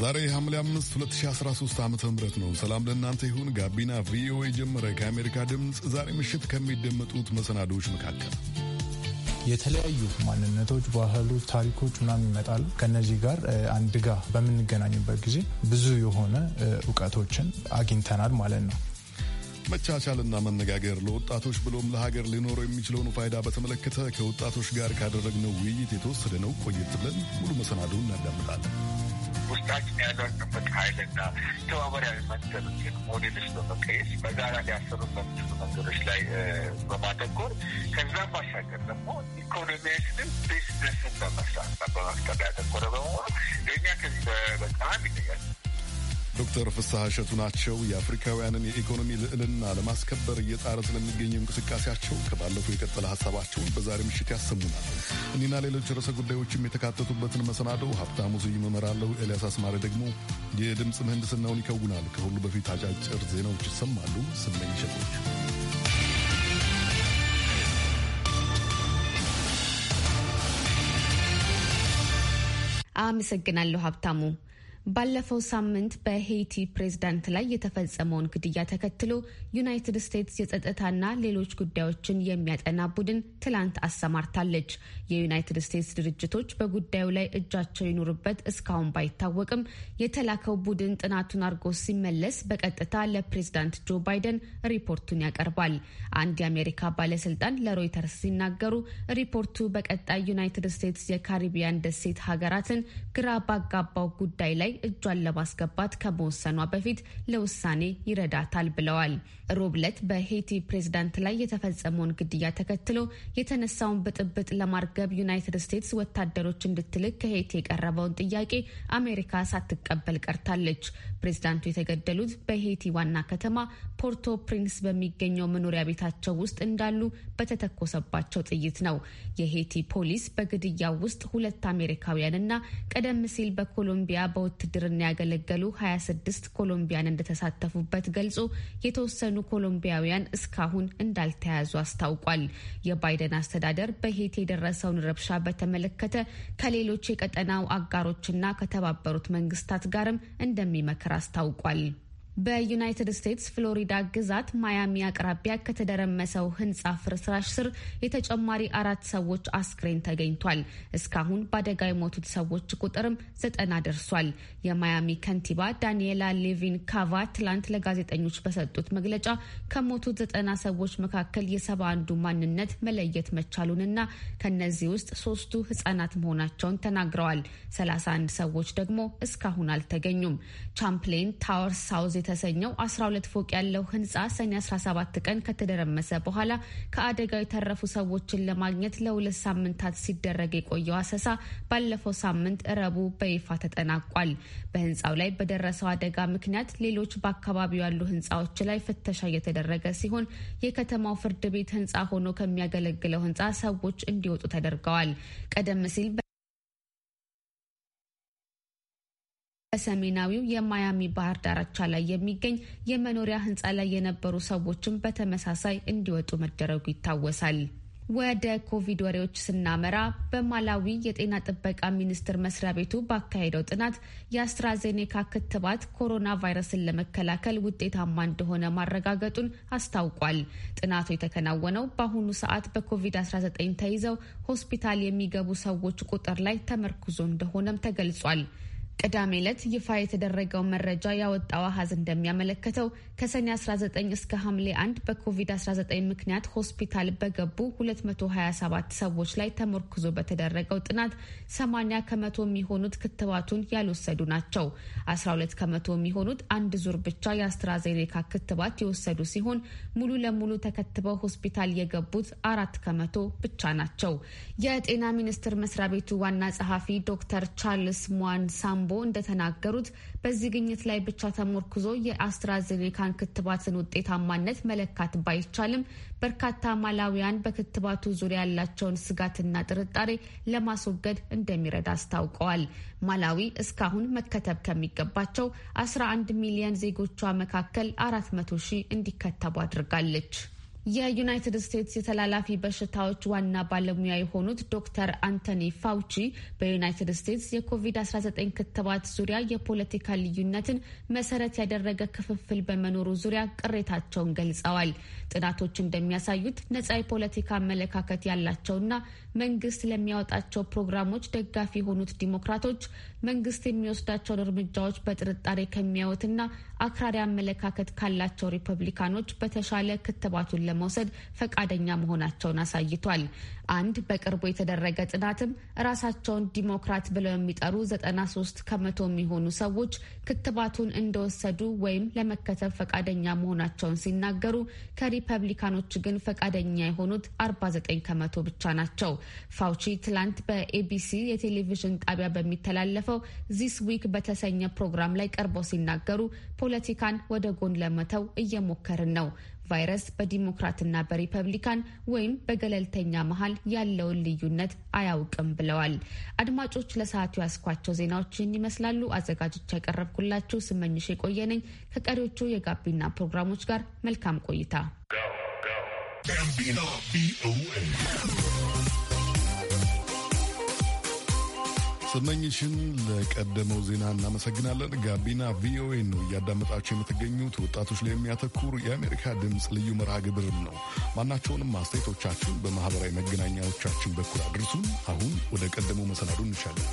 ዛሬ ሐምሌ 5 2013 ዓ ም ነው። ሰላም ለእናንተ ይሁን። ጋቢና ቪኦኤ ጀመረ። ከአሜሪካ ድምፅ ዛሬ ምሽት ከሚደመጡት መሰናዶዎች መካከል የተለያዩ ማንነቶች፣ ባህሎች፣ ታሪኮች ምናምን ይመጣሉ። ከነዚህ ጋር አንድ ጋ በምንገናኝበት ጊዜ ብዙ የሆነ እውቀቶችን አግኝተናል ማለት ነው። መቻቻልና መነጋገር ለወጣቶች ብሎም ለሀገር ሊኖረው የሚችለውን ፋይዳ በተመለከተ ከወጣቶች ጋር ካደረግነው ውይይት የተወሰደ ነው። ቆየት ብለን ሙሉ መሰናዶ እናዳምጣለን። ውስጣችን ያለውን ጥምቅ ኃይልና ተባባሪያዊ መንገዶችን ሞዴልስ በመቀየስ በጋራ ሊያሰሩ በሚችሉ መንገዶች ላይ በማተኮር ከዛም ባሻገር ደግሞ ኢኮኖሚያችንን ቢዝነስን በመስራት በመፍጠር ያተኮረ በመሆኑ ለእኛ ከዚህ በጣም ይለያል። ዶክተር ፍስሐ እሸቱ ናቸው። የአፍሪካውያንን የኢኮኖሚ ልዕልና ለማስከበር እየጣረ ስለሚገኘው እንቅስቃሴያቸው ከባለፈው የቀጠለ ሀሳባቸውን በዛሬ ምሽት ያሰሙናል። እኒና ሌሎች ርዕሰ ጉዳዮችም የተካተቱበትን መሰናደው ሀብታሙ ስዩ እመራለሁ። ኤልያስ አስማሪ ደግሞ የድምፅ ምህንድስናውን ይከውናል። ከሁሉ በፊት አጫጭር ዜናዎች ይሰማሉ። ስመኝ ሸቶች አመሰግናለሁ ሀብታሙ። ባለፈው ሳምንት በሄይቲ ፕሬዝዳንት ላይ የተፈጸመውን ግድያ ተከትሎ ዩናይትድ ስቴትስ የጸጥታና ሌሎች ጉዳዮችን የሚያጠና ቡድን ትላንት አሰማርታለች። የዩናይትድ ስቴትስ ድርጅቶች በጉዳዩ ላይ እጃቸው ይኖርበት እስካሁን ባይታወቅም የተላከው ቡድን ጥናቱን አድርጎ ሲመለስ በቀጥታ ለፕሬዝዳንት ጆ ባይደን ሪፖርቱን ያቀርባል። አንድ የአሜሪካ ባለስልጣን ለሮይተርስ ሲናገሩ ሪፖርቱ በቀጣይ ዩናይትድ ስቴትስ የካሪቢያን ደሴት ሀገራትን ግራ ባጋባው ጉዳይ ላይ እጇን ለማስገባት ከመወሰኗ በፊት ለውሳኔ ይረዳታል ብለዋል። ሮብለት በሄይቲ ፕሬዝዳንት ላይ የተፈጸመውን ግድያ ተከትሎ የተነሳውን ብጥብጥ ለማርገብ ዩናይትድ ስቴትስ ወታደሮች እንድትልክ ከሄይቲ የቀረበውን ጥያቄ አሜሪካ ሳትቀበል ቀርታለች። ፕሬዝዳንቱ የተገደሉት በሄይቲ ዋና ከተማ ፖርቶ ፕሪንስ በሚገኘው መኖሪያ ቤታቸው ውስጥ እንዳሉ በተተኮሰባቸው ጥይት ነው። የሄይቲ ፖሊስ በግድያው ውስጥ ሁለት አሜሪካውያንና ቀደም ሲል በኮሎምቢያ በወ በውትድርና ያገለገሉ 26 ኮሎምቢያን እንደተሳተፉበት ገልጾ የተወሰኑ ኮሎምቢያውያን እስካሁን እንዳልተያዙ አስታውቋል። የባይደን አስተዳደር በሄት የደረሰውን ረብሻ በተመለከተ ከሌሎች የቀጠናው አጋሮችና ከተባበሩት መንግስታት ጋርም እንደሚመክር አስታውቋል። በዩናይትድ ስቴትስ ፍሎሪዳ ግዛት ማያሚ አቅራቢያ ከተደረመሰው ሕንፃ ፍርስራሽ ስር የተጨማሪ አራት ሰዎች አስክሬን ተገኝቷል። እስካሁን በአደጋ የሞቱት ሰዎች ቁጥርም ዘጠና ደርሷል። የማያሚ ከንቲባ ዳንኤላ ሌቪን ካቫ ትላንት ለጋዜጠኞች በሰጡት መግለጫ ከሞቱት ዘጠና ሰዎች መካከል የሰባ አንዱ ማንነት መለየት መቻሉንና ከነዚህ ውስጥ ሶስቱ ህጻናት መሆናቸውን ተናግረዋል። 31 ሰዎች ደግሞ እስካሁን አልተገኙም። ቻምፕሌን ታወር ሳውዝ የተሰኘው 12 ፎቅ ያለው ህንፃ ሰኔ 17 ቀን ከተደረመሰ በኋላ ከአደጋው የተረፉ ሰዎችን ለማግኘት ለሁለት ሳምንታት ሲደረግ የቆየው አሰሳ ባለፈው ሳምንት እረቡ በይፋ ተጠናቋል። በህንፃው ላይ በደረሰው አደጋ ምክንያት ሌሎች በአካባቢው ያሉ ህንፃዎች ላይ ፍተሻ እየተደረገ ሲሆን የከተማው ፍርድ ቤት ህንፃ ሆኖ ከሚያገለግለው ህንፃ ሰዎች እንዲወጡ ተደርገዋል። ቀደም ሲል በሰሜናዊው የማያሚ ባህር ዳርቻ ላይ የሚገኝ የመኖሪያ ህንፃ ላይ የነበሩ ሰዎችም በተመሳሳይ እንዲወጡ መደረጉ ይታወሳል። ወደ ኮቪድ ወሬዎች ስናመራ በማላዊ የጤና ጥበቃ ሚኒስቴር መስሪያ ቤቱ ባካሄደው ጥናት የአስትራዜኔካ ክትባት ኮሮና ቫይረስን ለመከላከል ውጤታማ እንደሆነ ማረጋገጡን አስታውቋል። ጥናቱ የተከናወነው በአሁኑ ሰዓት በኮቪድ-19 ተይዘው ሆስፒታል የሚገቡ ሰዎች ቁጥር ላይ ተመርክዞ እንደሆነም ተገልጿል። ቅዳሜ ዕለት ይፋ የተደረገው መረጃ ያወጣው አሀዝ እንደሚያመለከተው ከሰኔ 19 እስከ ሐምሌ 1 በኮቪድ-19 ምክንያት ሆስፒታል በገቡ 227 ሰዎች ላይ ተሞርክዞ በተደረገው ጥናት 80 ከመቶ የሚሆኑት ክትባቱን ያልወሰዱ ናቸው። 12 ከመቶ የሚሆኑት አንድ ዙር ብቻ የአስትራዜኔካ ክትባት የወሰዱ ሲሆን ሙሉ ለሙሉ ተከትበው ሆስፒታል የገቡት አራት ከመቶ ብቻ ናቸው። የጤና ሚኒስቴር መስሪያ ቤቱ ዋና ጸሐፊ ዶክተር ቻርልስ ሙዋን ሳም ሻምቦ እንደተናገሩት በዚህ ግኝት ላይ ብቻ ተሞርክዞ የአስትራዜኔካን ክትባትን ውጤታማነት መለካት ባይቻልም በርካታ ማላዊያን በክትባቱ ዙሪያ ያላቸውን ስጋትና ጥርጣሬ ለማስወገድ እንደሚረዳ አስታውቀዋል። ማላዊ እስካሁን መከተብ ከሚገባቸው 11 ሚሊዮን ዜጎቿ መካከል 400 ሺህ እንዲከተቡ አድርጋለች። የዩናይትድ ስቴትስ የተላላፊ በሽታዎች ዋና ባለሙያ የሆኑት ዶክተር አንቶኒ ፋውቺ በዩናይትድ ስቴትስ የኮቪድ-19 ክትባት ዙሪያ የፖለቲካ ልዩነትን መሰረት ያደረገ ክፍፍል በመኖሩ ዙሪያ ቅሬታቸውን ገልጸዋል። ጥናቶች እንደሚያሳዩት ነጻ የፖለቲካ አመለካከት ያላቸውና መንግስት ለሚያወጣቸው ፕሮግራሞች ደጋፊ የሆኑት ዲሞክራቶች መንግስት የሚወስዳቸውን እርምጃዎች በጥርጣሬ ከሚያዩትና አክራሪ አመለካከት ካላቸው ሪፐብሊካኖች በተሻለ ክትባቱን ለመውሰድ ፈቃደኛ መሆናቸውን አሳይቷል። አንድ በቅርቡ የተደረገ ጥናትም ራሳቸውን ዲሞክራት ብለው የሚጠሩ 93 ከመቶ የሚሆኑ ሰዎች ክትባቱን እንደወሰዱ ወይም ለመከተብ ፈቃደኛ መሆናቸውን ሲናገሩ ከሪፐብሊካኖች ግን ፈቃደኛ የሆኑት 49 ከመቶ ብቻ ናቸው። ፋውቺ ትላንት በኤቢሲ የቴሌቪዥን ጣቢያ በሚተላለፈው ዚስ ዊክ በተሰኘ ፕሮግራም ላይ ቀርበው ሲናገሩ ፖለቲካን ወደ ጎን ለመተው እየሞከርን ነው ቫይረስ በዲሞክራትና በሪፐብሊካን ወይም በገለልተኛ መሀል ያለውን ልዩነት አያውቅም ብለዋል። አድማጮች ለሰዓቱ ያስኳቸው ዜናዎች ይህን ይመስላሉ። አዘጋጆች ያቀረብኩላችሁ ስመኝሽ የቆየነኝ ከቀሪዎቹ የጋቢና ፕሮግራሞች ጋር መልካም ቆይታ። ስመኝሽን ለቀደመው ዜና እናመሰግናለን። ጋቢና ቪኦኤ ነው እያዳመጣቸው የምትገኙት። ወጣቶች ላይ የሚያተኩር የአሜሪካ ድምፅ ልዩ መርሃ ግብርም ነው። ማናቸውንም አስተያየቶቻችሁን በማህበራዊ መገናኛዎቻችን በኩል አድርሱን። አሁን ወደ ቀደመው መሰናዱ እንሻለን።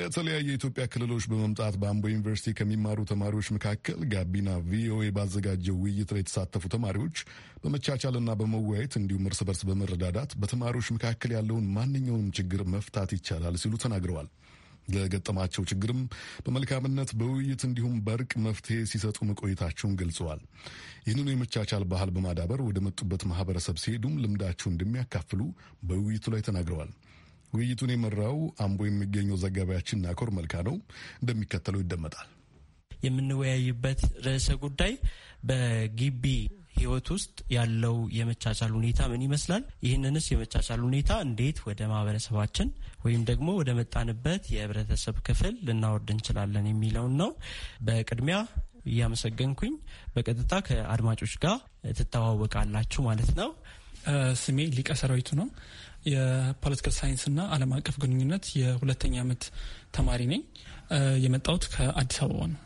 ከተለያዩ የኢትዮጵያ ክልሎች በመምጣት በአምቦ ዩኒቨርሲቲ ከሚማሩ ተማሪዎች መካከል ጋቢና ቪኦኤ ባዘጋጀው ውይይት ላይ የተሳተፉ ተማሪዎች በመቻቻልና በመወያየት እንዲሁም እርስ በርስ በመረዳዳት በተማሪዎች መካከል ያለውን ማንኛውንም ችግር መፍታት ይቻላል ሲሉ ተናግረዋል። ለገጠማቸው ችግርም በመልካምነት በውይይት እንዲሁም በእርቅ መፍትሄ ሲሰጡ መቆየታቸውን ገልጸዋል። ይህንኑ የመቻቻል ባህል በማዳበር ወደ መጡበት ማህበረሰብ ሲሄዱም ልምዳቸው እንደሚያካፍሉ በውይይቱ ላይ ተናግረዋል። ውይይቱን የመራው አምቦ የሚገኘው ዘጋቢያችን ናኮር መልካ ነው። እንደሚከተለው ይደመጣል። የምንወያይበት ርዕሰ ጉዳይ በግቢ ህይወት ውስጥ ያለው የመቻቻል ሁኔታ ምን ይመስላል? ይህንንስ የመቻቻል ሁኔታ እንዴት ወደ ማህበረሰባችን ወይም ደግሞ ወደ መጣንበት የህብረተሰብ ክፍል ልናወርድ እንችላለን የሚለውን ነው። በቅድሚያ እያመሰገንኩኝ በቀጥታ ከአድማጮች ጋር ትተዋወቃላችሁ ማለት ነው። ስሜ ሊቀ ሰራዊቱ ነው። የፖለቲካል ሳይንስና ዓለም አቀፍ ግንኙነት የሁለተኛ ዓመት ተማሪ ነኝ። የመጣሁት ከአዲስ አበባ ነው።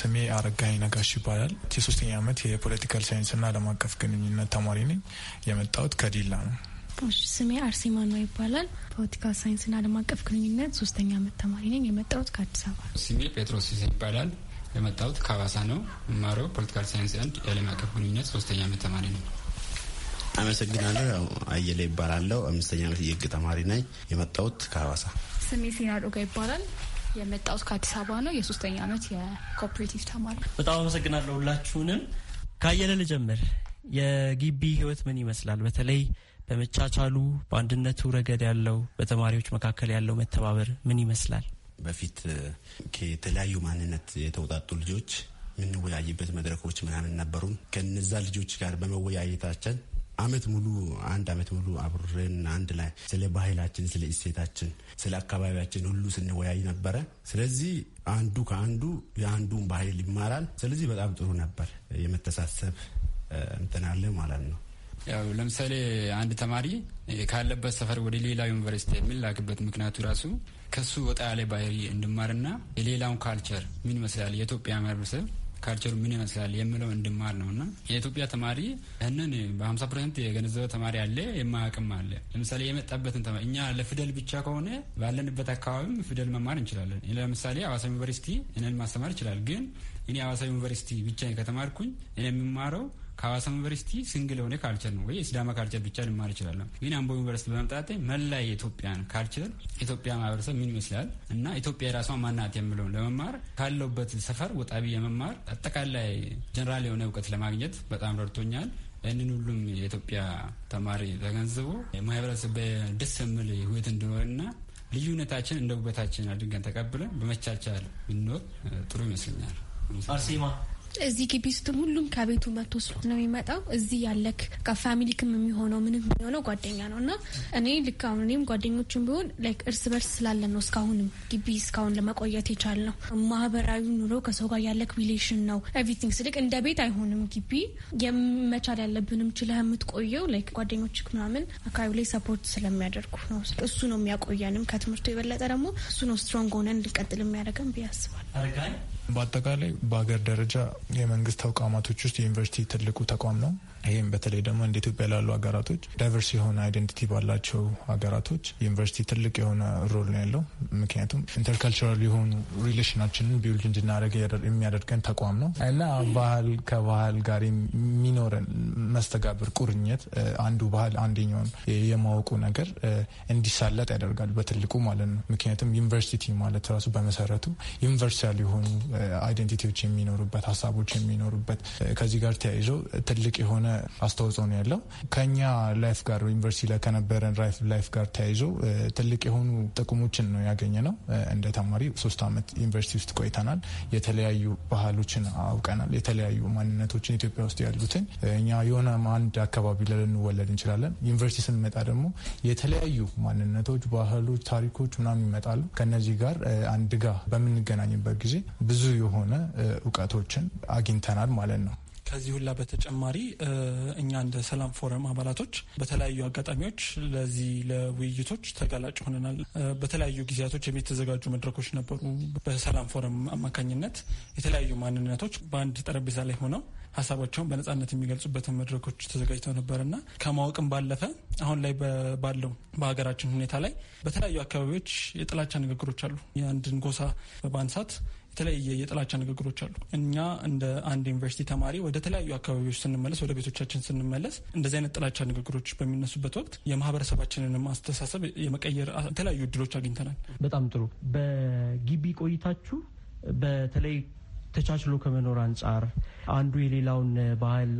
ስሜ አረጋኝ ነጋሽ ይባላል። የሶስተኛ ዓመት የፖለቲካል ሳይንስና ዓለም አቀፍ ግንኙነት ተማሪ ነኝ። የመጣሁት ከዲላ ነው። ስሜ አርሴማ ነው ይባላል። ፖለቲካል ሳይንስና ዓለም አቀፍ ግንኙነት ሶስተኛ ዓመት ተማሪ ነኝ። የመጣሁት ከአዲስ አበባ ነው። ስሜ ጴጥሮስ ይባላል። የመጣሁት ከሀዋሳ ነው። የማረው ፖለቲካል ሳይንስ አንድ የዓለም አቀፍ ግንኙነት ሶስተኛ ዓመት ተማሪ ነው። አመሰግናለሁ። ያው አየለ ይባላለሁ። አምስተኛ ዓመት የህግ ተማሪ ነኝ። የመጣሁት ከሀዋሳ። ስሜ ሴና ዶጋ ይባላል። የመጣሁት ከአዲስ አበባ ነው። የሶስተኛ ዓመት የኮኦፕሬቲቭ ተማሪ። በጣም አመሰግናለሁ ሁላችሁንም። ከአየለ ልጀምር። የግቢ ህይወት ምን ይመስላል? በተለይ በመቻቻሉ በአንድነቱ ረገድ ያለው በተማሪዎች መካከል ያለው መተባበር ምን ይመስላል? በፊት ከተለያዩ ማንነት የተውጣጡ ልጆች የምንወያይበት መድረኮች ምናምን ነበሩም። ከነዛ ልጆች ጋር በመወያየታችን አመት ሙሉ አንድ አመት ሙሉ አብረን አንድ ላይ ስለ ባህላችን፣ ስለ እሴታችን፣ ስለ አካባቢያችን ሁሉ ስንወያይ ነበረ። ስለዚህ አንዱ ከአንዱ የአንዱን ባህል ይማራል። ስለዚህ በጣም ጥሩ ነበር። የመተሳሰብ እንትን አለ ማለት ነው። ያው ለምሳሌ አንድ ተማሪ ካለበት ሰፈር ወደ ሌላ ዩኒቨርሲቲ የሚላክበት ምክንያቱ ራሱ ከሱ ወጣ ያለ ባህሪ እንድማርና የሌላውን ካልቸር ምን ይመስላል የኢትዮጵያ ማህበረሰብ ካልቸሩ ምን ይመስላል የምለው እንድማር ነው እና የኢትዮጵያ ተማሪ ይህንን በሀምሳ ፐርሰንት የገነዘበ ተማሪ አለ፣ የማያውቅም አለ። ለምሳሌ የመጣበትን ተማሪ እኛ ለፊደል ብቻ ከሆነ ባለንበት አካባቢም ፊደል መማር እንችላለን። ለምሳሌ አዋሳ ዩኒቨርሲቲ እኔን ማስተማር ይችላል። ግን እኔ አዋሳ ዩኒቨርሲቲ ብቻ ከተማርኩኝ እኔ የምማረው ከሀዋሳ ዩኒቨርሲቲ ሲንግል የሆነ ካልቸር ነው ወይ የሲዳማ ካልቸር ብቻ ልማር ይችላለሁ። ግን አምቦ ዩኒቨርሲቲ በመምጣቴ መላ የኢትዮጵያን ካልቸር ኢትዮጵያ ማህበረሰብ ምን ይመስላል እና ኢትዮጵያ የራሷ ማናት የምለውን ለመማር ካለውበት ሰፈር ወጣቢ የመማር አጠቃላይ ጀኔራል የሆነ እውቀት ለማግኘት በጣም ረድቶኛል። ይህንን ሁሉም የኢትዮጵያ ተማሪ ተገንዝቦ ማህበረሰብ በደስ የሚል ህይወት እንዲኖርና ልዩነታችን እንደ ውበታችን አድርገን ተቀብለን በመቻቻል ብንኖር ጥሩ ይመስለኛል። አርሴማ እዚህ ግቢ ስትል ሁሉም ከቤቱ መቶ ስለሆነ የሚመጣው እዚህ ያለክ ፋሚሊክም የሚሆነው ምንም የሚሆነው ጓደኛ ነው እና እኔ ልክ አሁን እኔም ጓደኞችን ቢሆን ላይክ እርስ በርስ ስላለን ነው እስካሁንም ግቢ እስካሁን ለመቆየት የቻል ነው። ማህበራዊ ኑሮ ከሰው ጋር ያለክ ሪሌሽን ነው ኤቭሪቲንግ ስልክ እንደ ቤት አይሆንም። ግቢ የመቻል ያለብንም ችለህ የምትቆየው ላይክ ጓደኞች ምናምን አካባቢ ላይ ሰፖርት ስለሚያደርጉ ነው። እሱ ነው የሚያቆየንም ከትምህርቱ የበለጠ ደግሞ እሱ ነው ስትሮንግ ሆነን እንድንቀጥል የሚያደርገን ብዬ አስባለሁ። በአጠቃላይ በሀገር ደረጃ የመንግስት ተቋማቶች ውስጥ የዩኒቨርሲቲ ትልቁ ተቋም ነው። ይህም በተለይ ደግሞ እንደ ኢትዮጵያ ላሉ ሀገራቶች ዳይቨርስ የሆነ አይደንቲቲ ባላቸው ሀገራቶች ዩኒቨርሲቲ ትልቅ የሆነ ሮል ነው ያለው። ምክንያቱም ኢንተርካልቸራል የሆኑ ሪሌሽናችንን ቢውልድ እንድናደርግ የሚያደርገን ተቋም ነው እና ባህል ከባህል ጋር የሚኖረን መስተጋብር ቁርኝት፣ አንዱ ባህል አንደኛውን የማወቁ ነገር እንዲሳለጥ ያደርጋል በትልቁ ማለት ነው። ምክንያቱም ዩኒቨርሲቲ ማለት ራሱ በመሰረቱ ዩኒቨርሳል የሆኑ አይደንቲቲዎች የሚኖሩበት ሀሳቦች የሚኖሩበት ከዚህ ጋር ተያይዘው ትልቅ የሆነ አስተዋጽኦ ነው ያለው። ከኛ ላይፍ ጋር ዩኒቨርሲቲ ላይ ከነበረን ላይፍ ጋር ተያይዞ ትልቅ የሆኑ ጥቅሞችን ነው ያገኘ ነው። እንደ ተማሪ ሶስት ዓመት ዩኒቨርሲቲ ውስጥ ቆይተናል። የተለያዩ ባህሎችን አውቀናል። የተለያዩ ማንነቶችን ኢትዮጵያ ውስጥ ያሉትን እኛ የሆነ አንድ አካባቢ ላይ ልንወለድ እንችላለን። ዩኒቨርሲቲ ስንመጣ ደግሞ የተለያዩ ማንነቶች፣ ባህሎች፣ ታሪኮች ምናምን ይመጣሉ። ከነዚህ ጋር አንድ ጋር በምንገናኝበት ጊዜ ብዙ የሆነ እውቀቶችን አግኝተናል ማለት ነው። ከዚህ ሁላ በተጨማሪ እኛ እንደ ሰላም ፎረም አባላቶች በተለያዩ አጋጣሚዎች ለዚህ ለውይይቶች ተጋላጭ ሆነናል። በተለያዩ ጊዜያቶች የሚተዘጋጁ መድረኮች ነበሩ። በሰላም ፎረም አማካኝነት የተለያዩ ማንነቶች በአንድ ጠረጴዛ ላይ ሆነው ሀሳባቸውን በነጻነት የሚገልጹበትን መድረኮች ተዘጋጅተው እና ከማወቅም ባለፈ አሁን ላይ ባለው በሀገራችን ሁኔታ ላይ በተለያዩ አካባቢዎች የጥላቻ ንግግሮች አሉ። የአንድን ጎሳ በማንሳት የተለያየ የጥላቻ ንግግሮች አሉ። እኛ እንደ አንድ ዩኒቨርሲቲ ተማሪ ወደ ተለያዩ አካባቢዎች ስንመለስ፣ ወደ ቤቶቻችን ስንመለስ እንደዚህ አይነት ጥላቻ ንግግሮች በሚነሱበት ወቅት የማህበረሰባችንን አስተሳሰብ የመቀየር የተለያዩ እድሎች አግኝተናል። በጣም ጥሩ። በግቢ ቆይታችሁ በተለይ ተቻችሎ ከመኖር አንጻር አንዱ የሌላውን ባህል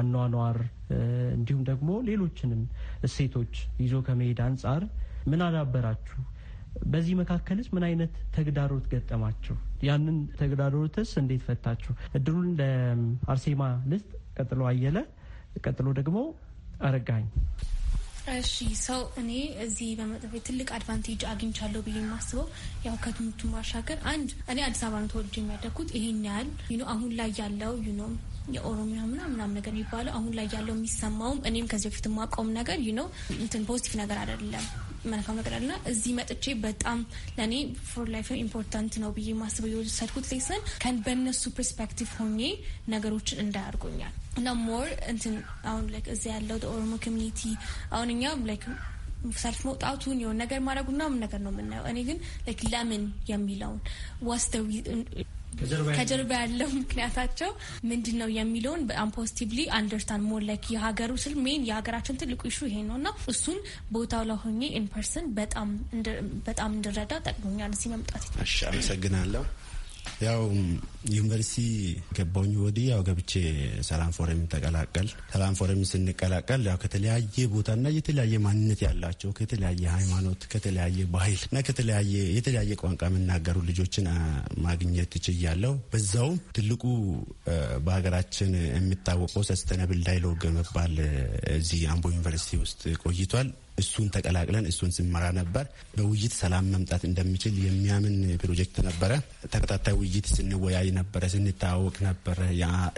አኗኗር እንዲሁም ደግሞ ሌሎችንም እሴቶች ይዞ ከመሄድ አንጻር ምን አዳበራችሁ? በዚህ መካከልስ ምን አይነት ተግዳሮት ገጠማችሁ? ያንን ተግዳሮትስ እንዴት ፈታችሁ? እድሉን ለአርሴማ ልስጥ፣ ቀጥሎ አየለ፣ ቀጥሎ ደግሞ አረጋኝ። እሺ ሰው እኔ እዚህ በመጠፌ ትልቅ አድቫንቴጅ አግኝቻለሁ ብዬ የማስበው ያው ከትምህርቱ ማሻገር አንድ እኔ አዲስ አበባ ነው ተወልጄ የሚያደግኩት። ይሄን ያህል አሁን ላይ ያለው ዩኖ የኦሮሚያ ምና ምናም ነገር የሚባለው አሁን ላይ ያለው የሚሰማውም እኔም ከዚህ በፊት የማውቀውም ነገር ዩ ነው እንትን ፖዚቲቭ ነገር አይደለም፣ መልካም ነገር አለና እዚህ መጥቼ በጣም ለእኔ ፎር ላይፍ ኢምፖርታንት ነው ብዬ ማስበው የወሰድኩት ሌስን ከን በእነሱ ፐርስፔክቲቭ ሆኜ ነገሮችን እንዳያርጎኛል እና ሞር እንትን አሁን ላይክ እዚህ ያለው ኦሮሞ ኮሚኒቲ አሁን እኛም ላይክ ሰልፍ መውጣቱን የሆነ ነገር ማድረጉና ምን ነገር ነው የምናየው። እኔ ግን ለምን የሚለውን ዋስ ከጀርባ ያለው ምክንያታቸው ምንድን ነው የሚለውን በጣም ፖዚቲቭሊ አንደርስታንድ ሞር ላይክ የሀገሩ ስል ሜን የሀገራችን ትልቁ ኢሹ ይሄ ነው እና እሱን ቦታው ላይ ሆኜ ኢን በጣም እንድረዳ ጠቅሞኛል ሲመምጣት አመሰግናለሁ። ያው ዩኒቨርሲቲ ገባኝ ወዲህ ያው ገብቼ ሰላም ፎረም ተቀላቀል። ሰላም ፎረም ስንቀላቀል ያው ከተለያየ ቦታና የተለያየ ማንነት ያላቸው ከተለያየ ሃይማኖት፣ ከተለያየ ባህል እና ከተለያየ የተለያየ ቋንቋ የምናገሩ ልጆችን ማግኘት ችያለሁ። በዛውም ትልቁ በሀገራችን የሚታወቀው ሰስተነብል ዳይሎግ መባል እዚህ አምቦ ዩኒቨርሲቲ ውስጥ ቆይቷል። እሱን ተቀላቅለን እሱን ስንመራ ነበር። በውይይት ሰላም መምጣት እንደሚችል የሚያምን ፕሮጀክት ነበረ። ተከታታይ ውይይት ስንወያይ ነበረ፣ ስንታወቅ ነበረ።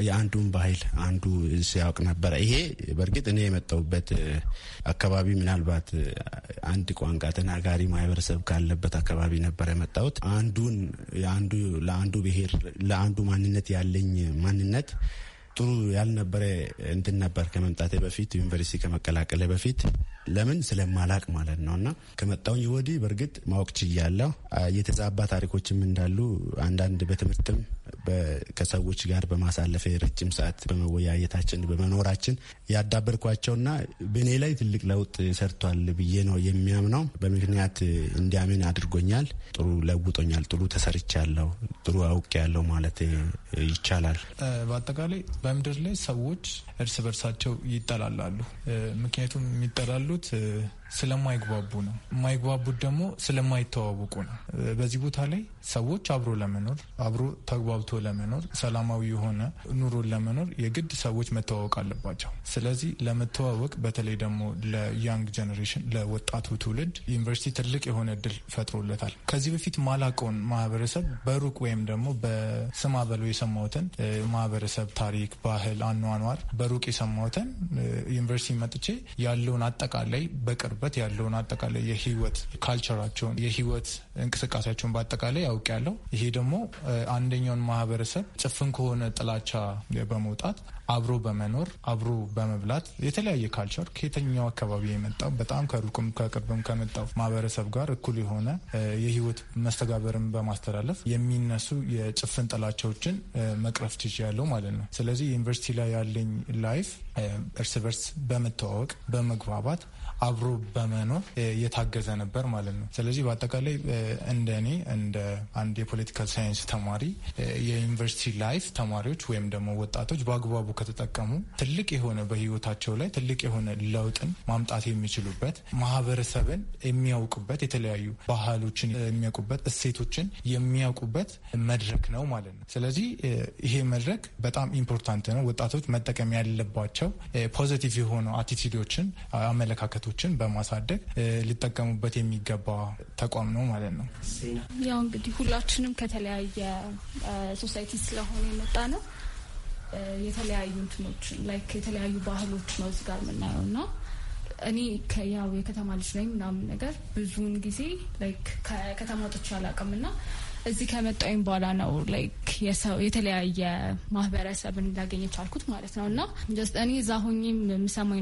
የአንዱን ባህል አንዱ ሲያውቅ ነበረ። ይሄ በእርግጥ እኔ የመጣሁበት አካባቢ ምናልባት አንድ ቋንቋ ተናጋሪ ማህበረሰብ ካለበት አካባቢ ነበረ የመጣሁት። አንዱን የአንዱ ለአንዱ ብሄር ለአንዱ ማንነት ያለኝ ማንነት ጥሩ ያልነበረ እንትን ነበር። ከመምጣቴ በፊት ዩኒቨርሲቲ ከመቀላቀለ በፊት ለምን ስለማላቅ ማለት ነው። እና ከመጣውኝ ወዲህ በእርግጥ ማወቅ ችያለሁ። የተዛባ ታሪኮችም እንዳሉ አንዳንድ በትምህርትም ከሰዎች ጋር በማሳለፍ ረጅም ሰዓት በመወያየታችን በመኖራችን ያዳበርኳቸውና በእኔ ላይ ትልቅ ለውጥ ሰርቷል ብዬ ነው የሚያምነው። በምክንያት እንዲያምን አድርጎኛል። ጥሩ ለውጦኛል። ጥሩ ተሰርቻለሁ። ጥሩ አውቄያለሁ ማለት ይቻላል። በአጠቃላይ በምድር ላይ ሰዎች እርስ በርሳቸው ይጠላላሉ። ምክንያቱም የሚጠላሉ የሚሄዱት ስለማይግባቡ ነው። የማይግባቡት ደግሞ ስለማይተዋወቁ ነው። በዚህ ቦታ ላይ ሰዎች አብሮ ለመኖር አብሮ ተግባብቶ ለመኖር ሰላማዊ የሆነ ኑሮን ለመኖር የግድ ሰዎች መተዋወቅ አለባቸው። ስለዚህ ለመተዋወቅ በተለይ ደግሞ ለያንግ ጀኔሬሽን ለወጣቱ ትውልድ ዩኒቨርሲቲ ትልቅ የሆነ እድል ፈጥሮለታል። ከዚህ በፊት ማላቀውን ማህበረሰብ በሩቅ ወይም ደግሞ በስማ በሎ የሰማሁትን ማህበረሰብ ታሪክ፣ ባህል፣ አኗኗር በሩቅ የሰማሁትን ዩኒቨርሲቲ መጥቼ ያለውን አጠቃ በአጠቃላይ በቅርበት ያለውን አጠቃላይ የህይወት ካልቸራቸውን የህይወት እንቅስቃሴያቸውን በአጠቃላይ ያውቅ ያለው ይሄ ደግሞ አንደኛውን ማህበረሰብ ጭፍን ከሆነ ጥላቻ በመውጣት አብሮ በመኖር አብሮ በመብላት የተለያየ ካልቸር ከየትኛው አካባቢ የመጣው በጣም ከሩቅም ከቅርብም ከመጣው ማህበረሰብ ጋር እኩል የሆነ የህይወት መስተጋበርን በማስተላለፍ የሚነሱ የጭፍን ጥላቻዎችን መቅረፍ ያለው ማለት ነው። ስለዚህ ዩኒቨርሲቲ ላይ ያለኝ ላይፍ እርስ በርስ በመተዋወቅ በመግባባት አብሮ በመኖር የታገዘ ነበር ማለት ነው። ስለዚህ በአጠቃላይ እንደ እኔ እንደ አንድ የፖለቲካል ሳይንስ ተማሪ የዩኒቨርሲቲ ላይፍ ተማሪዎች ወይም ደግሞ ወጣቶች በአግባቡ ከተጠቀሙ ትልቅ የሆነ በህይወታቸው ላይ ትልቅ የሆነ ለውጥን ማምጣት የሚችሉበት ማህበረሰብን የሚያውቁበት የተለያዩ ባህሎችን የሚያውቁበት እሴቶችን የሚያውቁበት መድረክ ነው ማለት ነው። ስለዚህ ይሄ መድረክ በጣም ኢምፖርታንት ነው። ወጣቶች መጠቀም ያለባቸው ፖዘቲቭ የሆኑ አቲቲዶችን፣ አመለካከቶችን በማሳደግ ሊጠቀሙበት የሚገባ ተቋም ነው ማለት ነው። ያው እንግዲህ ሁላችንም ከተለያየ ሶሳይቲ ስለሆነ የመጣ ነው የተለያዩ እንትኖች ላይክ የተለያዩ ባህሎች ነው እዚህ ጋር የምናየው እና እኔ ያው የከተማ ልጅ ነኝ ምናምን ነገር ብዙውን ጊዜ ላይክ ከከተማ ወጥቼ አላውቅም እና እዚህ ከመጣሁኝ በኋላ ነው ላይክ የሰው የተለያየ ማህበረሰብን እንዳገኘ ቻልኩት ማለት ነው እና ጀስት እኔ እዛ ሆኜም የምሰማው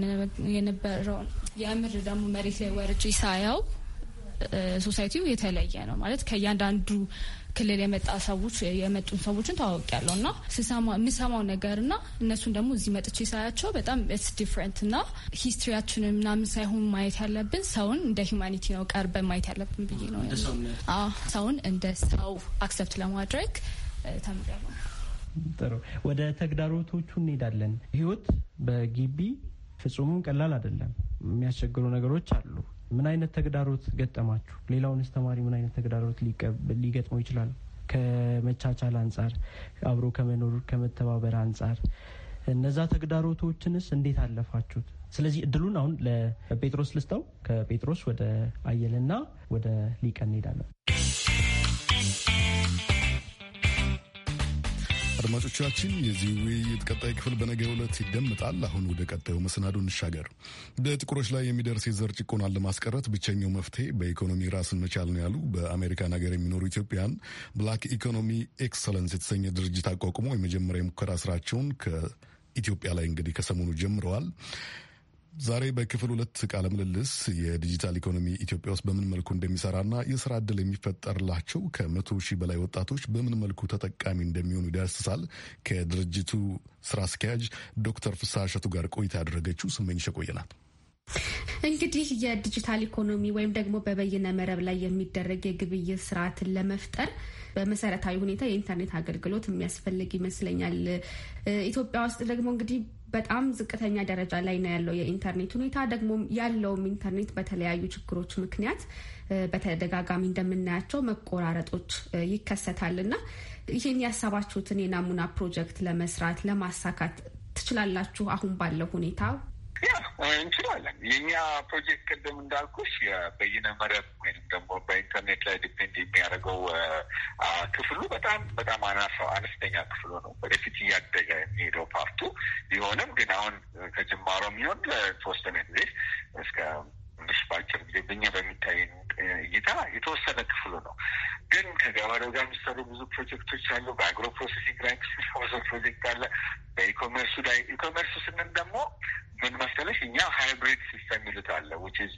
የነበረውን የምር ደግሞ መሬት ላይ ወርጄ ሳያው ሶሳይቲው የተለየ ነው ማለት ከእያንዳንዱ ክልል የመጣ ሰዎች የመጡን ሰዎችን ታዋወቅ ያለው እና የምሰማው ነገር እና እነሱን ደግሞ እዚህ መጥቼ ሳያቸው በጣም ስ ዲፍረንት እና ሂስትሪያችንን ምናምን ሳይሆን ማየት ያለብን ሰውን እንደ ሂውማኒቲ ነው ቀርበ ማየት ያለብን ብዬ ነው ሰውን እንደ ሰው አክሰፕት ለማድረግ ተምሬያለሁ። ጥሩ ወደ ተግዳሮቶቹ እንሄዳለን። ህይወት በግቢ ፍጹም ቀላል አይደለም። የሚያስቸግሩ ነገሮች አሉ። ምን አይነት ተግዳሮት ገጠማችሁ? ሌላውንስ ተማሪ ምን አይነት ተግዳሮት ሊገጥመው ይችላል? ከመቻቻል አንጻር፣ አብሮ ከመኖር ከመተባበር አንጻር እነዛ ተግዳሮቶችንስ እንዴት አለፋችሁት? ስለዚህ እድሉን አሁን ለጴጥሮስ ልስጠው። ከጴጥሮስ ወደ አየልና ወደ ሊቀ እንሄዳለን። አድማጮቻችን የዚህ ውይይት ቀጣይ ክፍል በነገ ዕለት ይደመጣል። አሁን ወደ ቀጣዩ መሰናዶ እንሻገር። በጥቁሮች ላይ የሚደርስ የዘር ጭቆናን ለማስቀረት ብቸኛው መፍትሄ በኢኮኖሚ ራስን መቻል ነው ያሉ በአሜሪካን ሀገር የሚኖሩ ኢትዮጵያን ብላክ ኢኮኖሚ ኤክሰለንስ የተሰኘ ድርጅት አቋቁሞ የመጀመሪያ የሙከራ ስራቸውን ከኢትዮጵያ ላይ እንግዲህ ከሰሞኑ ጀምረዋል። ዛሬ በክፍል ሁለት ቃለ ምልልስ የዲጂታል ኢኮኖሚ ኢትዮጵያ ውስጥ በምን መልኩ እንደሚሰራና የስራ ዕድል የሚፈጠርላቸው ከመቶ ሺህ በላይ ወጣቶች በምን መልኩ ተጠቃሚ እንደሚሆኑ ይዳስሳል። ከድርጅቱ ስራ አስኪያጅ ዶክተር ፍስሐ እሸቱ ጋር ቆይታ ያደረገችው ስመኝሽ ቆየናት። እንግዲህ የዲጂታል ኢኮኖሚ ወይም ደግሞ በበይነ መረብ ላይ የሚደረግ የግብይት ስርዓትን ለመፍጠር በመሰረታዊ ሁኔታ የኢንተርኔት አገልግሎት የሚያስፈልግ ይመስለኛል። ኢትዮጵያ ውስጥ ደግሞ እንግዲህ በጣም ዝቅተኛ ደረጃ ላይ ነው ያለው የኢንተርኔት ሁኔታ። ደግሞ ያለውም ኢንተርኔት በተለያዩ ችግሮች ምክንያት በተደጋጋሚ እንደምናያቸው መቆራረጦች ይከሰታል እና ይህን ያሰባችሁትን የናሙና ፕሮጀክት ለመስራት ለማሳካት ትችላላችሁ አሁን ባለው ሁኔታ ያ እንችላለን። የኛ ፕሮጀክት ቅድም እንዳልኩሽ በይነ መረብ ወይም ደግሞ በኢንተርኔት ላይ ዲፔንድ የሚያደርገው ክፍሉ በጣም በጣም አናሳው አነስተኛ ክፍሉ ነው። ወደፊት እያደገ የሚሄደው ፓርቱ ቢሆንም ግን አሁን ከጅማሮ የሚሆን ለተወሰነ ጊዜ እስከ ትንሽ በአጭር ጊዜ በእኛ በሚታይ እይታ የተወሰነ ክፍሉ ነው። ግን ከገበሬው ጋር የሚሰሩ ብዙ ፕሮጀክቶች አሉ። በአግሮ ፕሮሴሲንግ ላይ ብዙ ፕሮጀክት አለ። በኢኮሜርሱ ላይ ኢኮሜርሱ ስንል ደግሞ ምን መሰለሽ እኛ ሃይብሪድ ሲስተም ይሉት አለ ዊች ኢዝ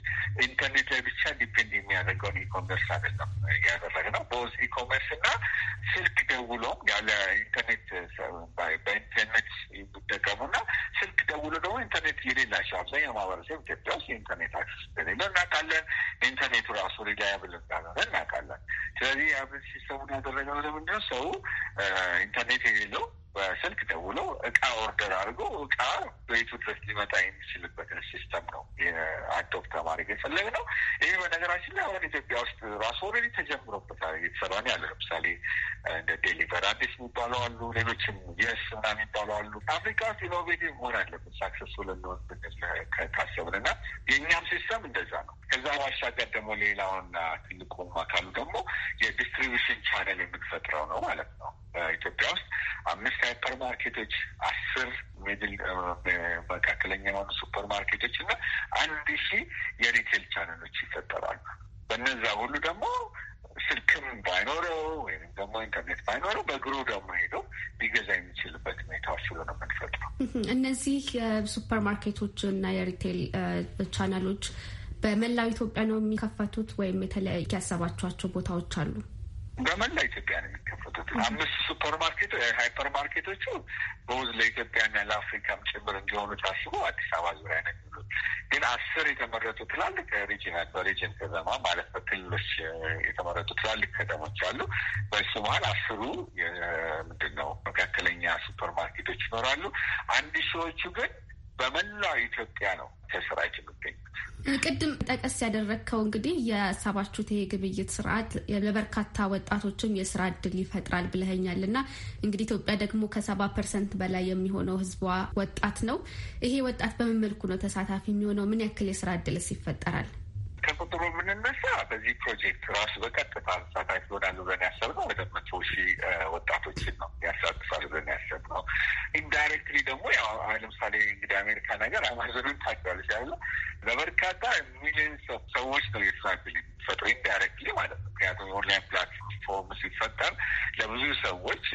ኢንተርኔት ላይ ብቻ ዲፔንድ የሚያደርገውን ኢኮሜርስ አይደለም ነው። በዚ ኢኮሜርስ እና ስልክ ደውሎም ያለ ኢንተርኔት በኢንተርኔት ይጠቀሙና ስልክ ደውሎ ደግሞ ኢንተርኔት የሌላቸው አብዛኛው ማህበረሰብ ኢትዮጵያ የኢንተርኔት አክሰስ እንደሌለ እናውቃለን። ኢንተርኔቱ ራሱ ሪላያብል እንዳልሆነ እናውቃለን። ስለዚህ የአብሬጅ ሲስተሙን ያደረገው ለምንድነው? ሰው ኢንተርኔት የሌለው በስልክ ደውለው እቃ ኦርደር አድርጎ እቃ ቤቱ ድረስ ሊመጣ የሚችልበትን ሲስተም ነው አዶፕት ማድረግ ነው። ይህ በነገራችን ላይ አሁን ኢትዮጵያ ውስጥ ራሱ ኦልሬዲ ተጀምሮበታል እየተሰራ ነው ያለ። ለምሳሌ እንደ ዴሊቨር የሚባሉ አሉ፣ ሌሎችም የስ እና የሚባሉ አሉ። አፍሪካ ውስጥ ኢኖቬቲቭ መሆን አለብን ሳክሰስፉል ብንል ከታሰብን ና የእኛም ሲስተም እንደዛ ነው። ከዛ ባሻገር ደግሞ ሌላውና ትልቁ አካሉ ደግሞ የዲስትሪቢሽን ቻነል የምንፈጥረው ነው ማለት ነው። በኢትዮጵያ ውስጥ አምስት ሃይፐር ማርኬቶች፣ አስር ሚድል መካከለኛ የሆኑ ሱፐር ማርኬቶች እና አንድ ሺህ የሪቴል ቻነሎች ይፈጠራሉ። በነዛ ሁሉ ደግሞ ስልክም ባይኖረው ወይም ደግሞ ኢንተርኔት ባይኖረው በእግሩ ደግሞ ሄዶ ሊገዛ የሚችልበት ሁኔታዎች ስለሆነ የምንፈጥረው እነዚህ የሱፐር ማርኬቶች እና የሪቴል ቻናሎች በመላው ኢትዮጵያ ነው የሚከፈቱት ወይም የተለያዩ ያሰባቸዋቸው ቦታዎች አሉ? በመላው ኢትዮጵያ ነው አምስት ሱፐር ማርኬቶ ሃይፐር ማርኬቶቹ በውዝ ለኢትዮጵያና ለአፍሪካም ጭምር እንዲሆኑ ታስቦ አዲስ አበባ ዙሪያ ነ ግን አስር የተመረጡ ትላልቅ ሪጂናል በሪጅን ከተማ ማለት በክልሎች የተመረጡ ትላልቅ ከተሞች አሉ። በሱ መሀል አስሩ ምንድን ነው መካከለኛ ሱፐር ማርኬቶች ይኖራሉ። አንድ ሺዎቹ ግን በመላው ኢትዮጵያ ነው ተሰራጭ የሚገኙት። ቅድም ጠቀስ ያደረግከው እንግዲህ የሳባችሁት ይሄ ግብይት ስርዓት ለበርካታ ወጣቶችም የስራ እድል ይፈጥራል ብለኸኛል እና እንግዲህ ኢትዮጵያ ደግሞ ከሰባ ፐርሰንት በላይ የሚሆነው ህዝቧ ወጣት ነው። ይሄ ወጣት በምን መልኩ ነው ተሳታፊ የሚሆነው? ምን ያክል የስራ እድልስ ይፈጠራል? ተፈጥሮ የምንነሳ በዚህ ፕሮጀክት ራሱ በቀጥታ ተሳታፊ ይሆናሉ ብለን ያሰብነው ወደ መቶ ሺህ ወጣቶችን ነው ያሳትፋል ብለን ያሰብነው። ኢንዳይሬክትሊ ደግሞ ያው ለምሳሌ እንግዲህ አሜሪካ ነገር አማዞንን ታውቂዋለሽ ያለ በበርካታ ሚሊዮንስ ሰዎች ነው የስራ ዕድል ፈጥሮ ይዳረግ ማለት ነው። ምክንያቱም የኦንላይን ፕላትፎርም ሲፈጠር ለብዙ ሰዎች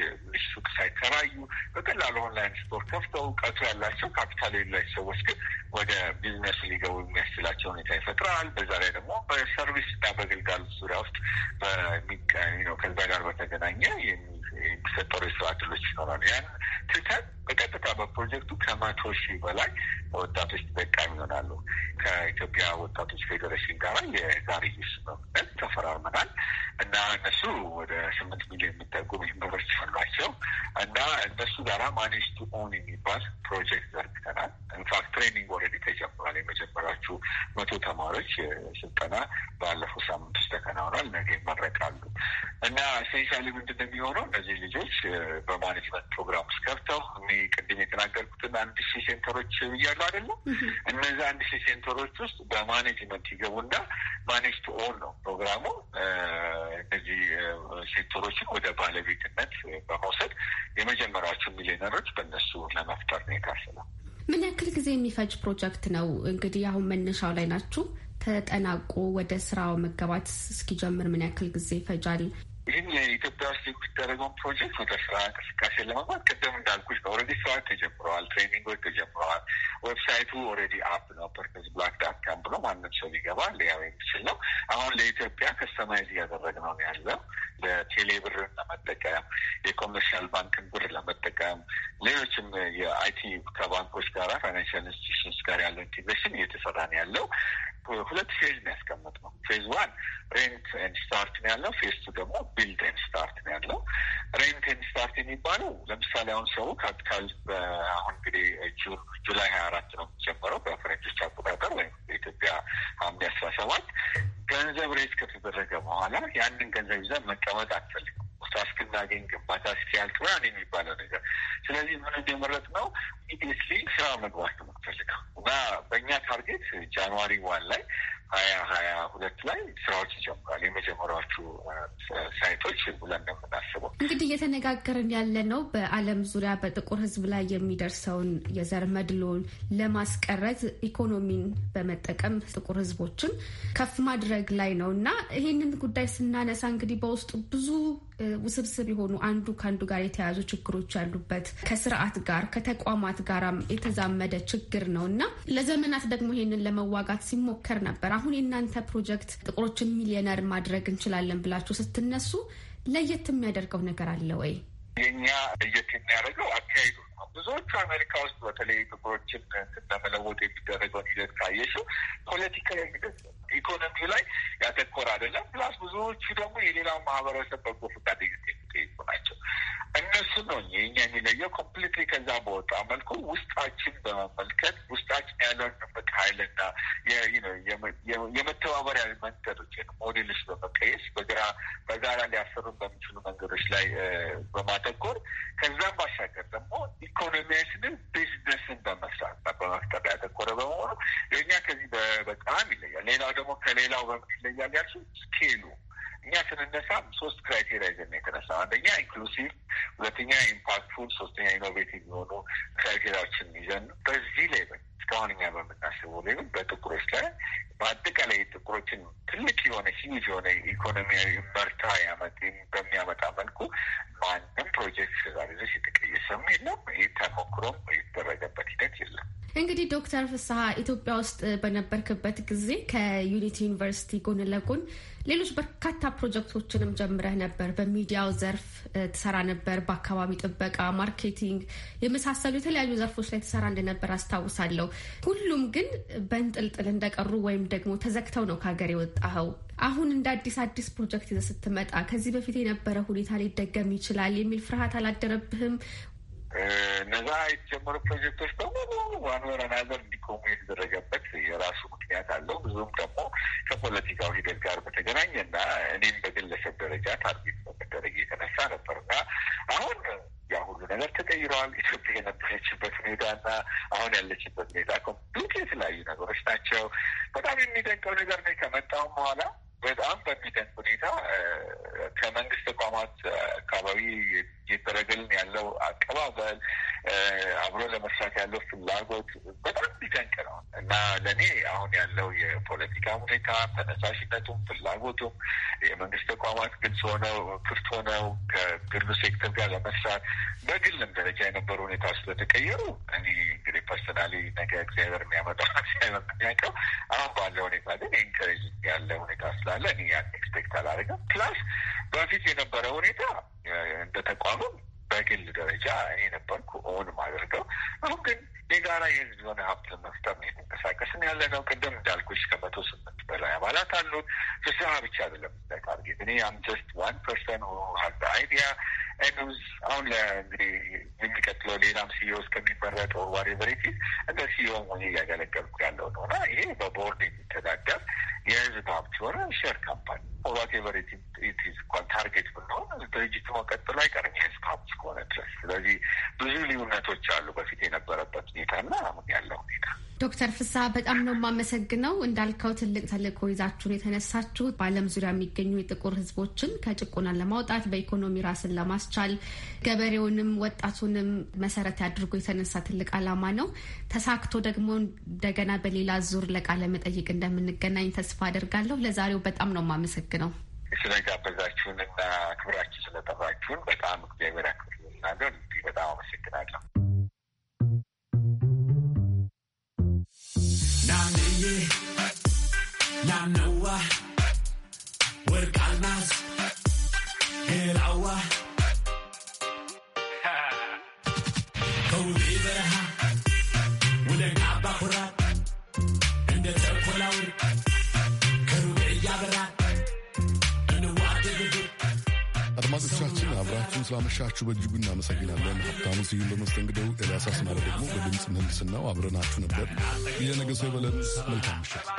ሱቅ ሳይከራዩ በቀላሉ ኦንላይን ስቶር ከፍተው እውቀቱ ያላቸው ካፒታል የሌላቸው ሰዎች ግን ወደ ቢዝነስ ሊገቡ የሚያስችላቸው ሁኔታ ይፈጥራል። በዛ ላይ ደግሞ በሰርቪስ እና በግልጋሎት ዙሪያ ውስጥ ከዛ ጋር በተገናኘ የሚሰጠው ሬስቶራንቶች ይኖራሉ። ያን ትተን በቀጥታ በፕሮጀክቱ ከመቶ ሺህ በላይ ወጣቶች ተጠቃሚ ይሆናሉ። ከኢትዮጵያ ወጣቶች ፌዴሬሽን ጋር የዛሬ ዩስ በምል ተፈራርመናል እና እነሱ ወደ ስምንት ሚሊዮን የሚጠጉ ሜምበሮች አሏቸው እና እነሱ ጋራ ማኔጅ ቱ ኦን የሚባል ፕሮጀክት ዘርግተናል። ኢንፋክት ትሬኒንግ ኦልሬዲ ተጀምሯል። የመጀመሪያዎቹ መቶ ተማሪዎች ስልጠና ባለፈው ሳምንት ውስጥ ተከናውኗል። ነገ ይመረቃሉ። እና ሴንሻሊ ምንድን ነው የሚሆነው እነዚህ ልጆች በማኔጅመንት ፕሮግራም ውስጥ ገብተው እኔ ቅድም የተናገርኩትን አንድ ሺ ሴንተሮች እያሉ አይደለም እነዚ አንድ ሺ ሴንተሮች ውስጥ በማኔጅመንት ይገቡና ማኔጅ ቱ ኦን ነው ፕሮግራሙ። እነዚህ ሴንተሮችን ወደ ባለቤትነት በመውሰድ የመጀመሪያቸው ሚሊዮነሮች በእነሱ ለመፍጠር ነው የታሰበው። ምን ያክል ጊዜ የሚፈጅ ፕሮጀክት ነው? እንግዲህ አሁን መነሻው ላይ ናችሁ። ተጠናቆ ወደ ስራው መገባት እስኪጀምር ምን ያክል ጊዜ ይፈጃል? ይህን የኢትዮጵያ ውስጥ የሚደረገውን ፕሮጀክት ወደ ስራ እንቅስቃሴ ለመግባት ቅድም እንዳልኩች ነው። ኦልሬዲ ስራዎች ተጀምረዋል፣ ትሬኒንጎች ተጀምረዋል። ዌብሳይቱ ኦልሬዲ አፕ ነው። ፐርፐዝ ብላክ ዳት ካም ብሎ ማንም ሰው ሊገባ ሊያው የሚችል ነው። አሁን ለኢትዮጵያ ከስተማይዝ እያደረግ ነው ያለው ለቴሌ ብርን ለመጠቀም የኮመርሻል ባንክን ብር ለመጠቀም ሌሎችም የአይቲ ከባንኮች ጋራ ፋይናንሽል ኢንስቲቱሽንስ ጋር ያለው ኢንቴግሬሽን እየተሰራ ነው ያለው። ሁለት ፌዝ ነው ያስቀምጥ ነው። ፌዝ ዋን ሬንት ኤንድ ስታርት ነው ያለው። ፌዝ ቱ ደግሞ ቢልድ ኤንድ ስታርት ነው ያለው። ሬንት ኤንድ ስታርት የሚባለው ለምሳሌ አሁን ሰው ካፒታል በአሁን እንግዲህ ጁላይ ሀያ አራት ነው የሚጀምረው በፈረንጆች አቆጣጠር ወይም በኢትዮጵያ ሐምሌ አስራ ሰባት ገንዘብ ሬት ከተደረገ በኋላ ያንን ገንዘብ ይዘን መቀመጥ አትፈልግም ቦታ እስክናገኝ ግንባታ እስኪያልቅ ምናምን የሚባለው ነገር። ስለዚህ ምን እንደመረጥ ነው ኢዲስሊ ስራ መግባት ነው የምንፈልገው እና በእኛ ታርጌት ጃንዋሪ ዋን ላይ ሀያ ሀያ ሁለት ላይ ስራዎች ይጀምራል። የመጀመሪያዎቹ ሳይቶች ብለን እንደምናስበው እንግዲህ እየተነጋገርን ያለ ነው። በዓለም ዙሪያ በጥቁር ሕዝብ ላይ የሚደርሰውን የዘር መድሎን ለማስቀረት ኢኮኖሚን በመጠቀም ጥቁር ሕዝቦችን ከፍ ማድረግ ላይ ነው እና ይህንን ጉዳይ ስናነሳ እንግዲህ በውስጡ ብዙ ውስብስብ የሆኑ አንዱ ከአንዱ ጋር የተያያዙ ችግሮች ያሉበት ከስርዓት ጋር ከተቋማት ጋር የተዛመደ ችግር ነው እና ለዘመናት ደግሞ ይሄንን ለመዋጋት ሲሞከር ነበር። አሁን የእናንተ ፕሮጀክት ጥቁሮችን ሚሊዮነር ማድረግ እንችላለን ብላችሁ ስትነሱ ለየት የሚያደርገው ነገር አለ ወይ? የኛ ለየት የሚያደርገው አካሄዱ ብዙዎቹ አሜሪካ ውስጥ በተለይ ጥቁሮችን ለመለወጥ የሚደረገውን ሂደት ካየሽው ፖለቲካ የሚደስ ላይ ያተኮር አይደለም። ፕላስ ብዙዎቹ ደግሞ የሌላው ማህበረሰብ በጎ ፈቃደኝነት ህዝብ ናቸው። እነሱ ነው የኛ የሚለየው። ኮምፕሊት ከዛ በወጣ መልኩ ውስጣችን በመመልከት ውስጣችን ያለውን ምቅ ሀይልና የመተባበሪያ መንገዶችን ሞዴልስ በመቀየስ በግራ በጋራ ሊያሰሩ በሚችሉ መንገዶች ላይ በማተኮር ከዛም ባሻገር ደግሞ ኢኮኖሚያችን ቢዝነስን በመስራት በመፍጠር ያተኮረ በመሆኑ የእኛ ከዚህ በጣም ይለያል። ሌላው ደግሞ ከሌላው በምን ይለያል ያልሱ ስኬሉ እኛ ስንነሳ ሶስት ክራይቴሪያ ይዘን የተነሳ አንደኛ ኢንክሉሲቭ፣ ሁለተኛ ኢምፓክትፉል፣ ሶስተኛ ኢኖቬቲቭ የሆኑ ክራይቴሪያዎችን ይዘን በዚህ ላይ እስካሁን እኛ በምናስበው ሌሉም በጥቁሮች ላይ በአጠቃላይ ጥቁሮችን ትልቅ የሆነ ሂዩጅ የሆነ ኢኮኖሚያዊ መርታ በሚያመጣ መልኩ ማንም ፕሮጀክት ስዛሬዞች የተቀየሰም የለም የተሞክሮም የተደረገበት ሂደት የለም። እንግዲህ ዶክተር ፍስሀ ኢትዮጵያ ውስጥ በነበርክበት ጊዜ ከዩኒቲ ዩኒቨርሲቲ ጎን ለጎን ሌሎች በርካታ ፕሮጀክቶችንም ጀምረህ ነበር። በሚዲያው ዘርፍ ትሰራ ነበር፣ በአካባቢ ጥበቃ፣ ማርኬቲንግ የመሳሰሉ የተለያዩ ዘርፎች ላይ ትሰራ እንደነበር አስታውሳለሁ። አውቃለሁ። ሁሉም ግን በእንጥልጥል እንደቀሩ ወይም ደግሞ ተዘግተው ነው ከሀገር የወጣኸው። አሁን እንደ አዲስ አዲስ ፕሮጀክት ይዘህ ስትመጣ ከዚህ በፊት የነበረ ሁኔታ ሊደገም ይችላል የሚል ፍርሃት አላደረብህም? እነዛ የተጀመሩ ፕሮጀክቶች በሙሉ ዋን ወር እንዲቆሙ የተደረገበት የራሱ ምክንያት አለው። ብዙም ደግሞ ከፖለቲካው ሂደት ጋር በተገናኘ እና እኔም በግለሰብ ደረጃ ታ ሆነው ከግሉ ሴክተር ጋር ለመስራት በግልም ደረጃ የነበሩ ሁኔታ ስለተቀየሩ እኔ እንግዲህ ፐርሰናሊ ነገ እግዚአብሔር የሚያመጣው እግዚአብሔር የሚያውቀው፣ አሁን ባለ ሁኔታ ግን ኤንካሬጅ ያለ ሁኔታ ስላለ እኔ ያን ኤክስፔክት አላደርግም። ፕላስ በፊት የነበረ ሁኔታ እንደ ተቋምም በግል ደረጃ እኔ ነበርኩ ኦን አድርገው። አሁን ግን የጋራ የህዝብ የሆነ ሀብት መፍጠር ነው የተንቀሳቀስን ያለ ነው። ቅድም እንዳልኩሽ ከመቶ ስምንት በላይ አባላት አሉት። ፍስሀ ብቻ አይደለም እኔ አም ጀስት ዋን ፐርሰን ሀዝ አይዲያ ኤንዝ አሁን እንግዲህ የሚቀጥለው ሌላም ሲዮ እስከሚመረጥ ኦር ዋሬቨር ኢት ኢዝ እንደ ሲዮ ሆኜ እያገለገልኩ ያለው ነው እና ይሄ በቦርድ የሚተዳደር የህዝብ ሀብት የሆነ ሼር ካምፓኒ ኦር ዋቴቨር ኢት ኢዝ እንኳን ታርጌት ብንሆን ድርጅቱ መቀጠሉ አይቀርም የህዝብ ሀብት እስከሆነ ድረስ። ስለዚህ ብዙ ልዩነቶች አሉ በፊት የነበረበት ሁኔታ እና ዶክተር ፍስሀ በጣም ነው የማመሰግነው። እንዳልከው ትልቅ ተልእኮ ይዛችሁን የተነሳችሁ በዓለም ዙሪያ የሚገኙ የጥቁር ሕዝቦችን ከጭቆና ለማውጣት በኢኮኖሚ ራስን ለማስቻል ገበሬውንም ወጣቱንም መሰረት አድርጎ የተነሳ ትልቅ ዓላማ ነው። ተሳክቶ ደግሞ እንደገና በሌላ ዙር ለቃለ መጠይቅ እንደምንገናኝ ተስፋ አደርጋለሁ። ለዛሬው በጣም ነው የማመሰግነው ስለጋበዛችሁን እና ክብራችሁ ስለጠራችሁን በጣም እግዚአብሔር ስለነበራችሁ በእጅጉ እናመሰግናለን። ሀብታሙ ስዩም በመስተንግደው፣ ኤልያስ አስማረ ደግሞ በድምፅ ምህንድስናው አብረናችሁ ነበር። የነገ ሰው ይበለን። መልካም ምሽት።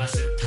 I said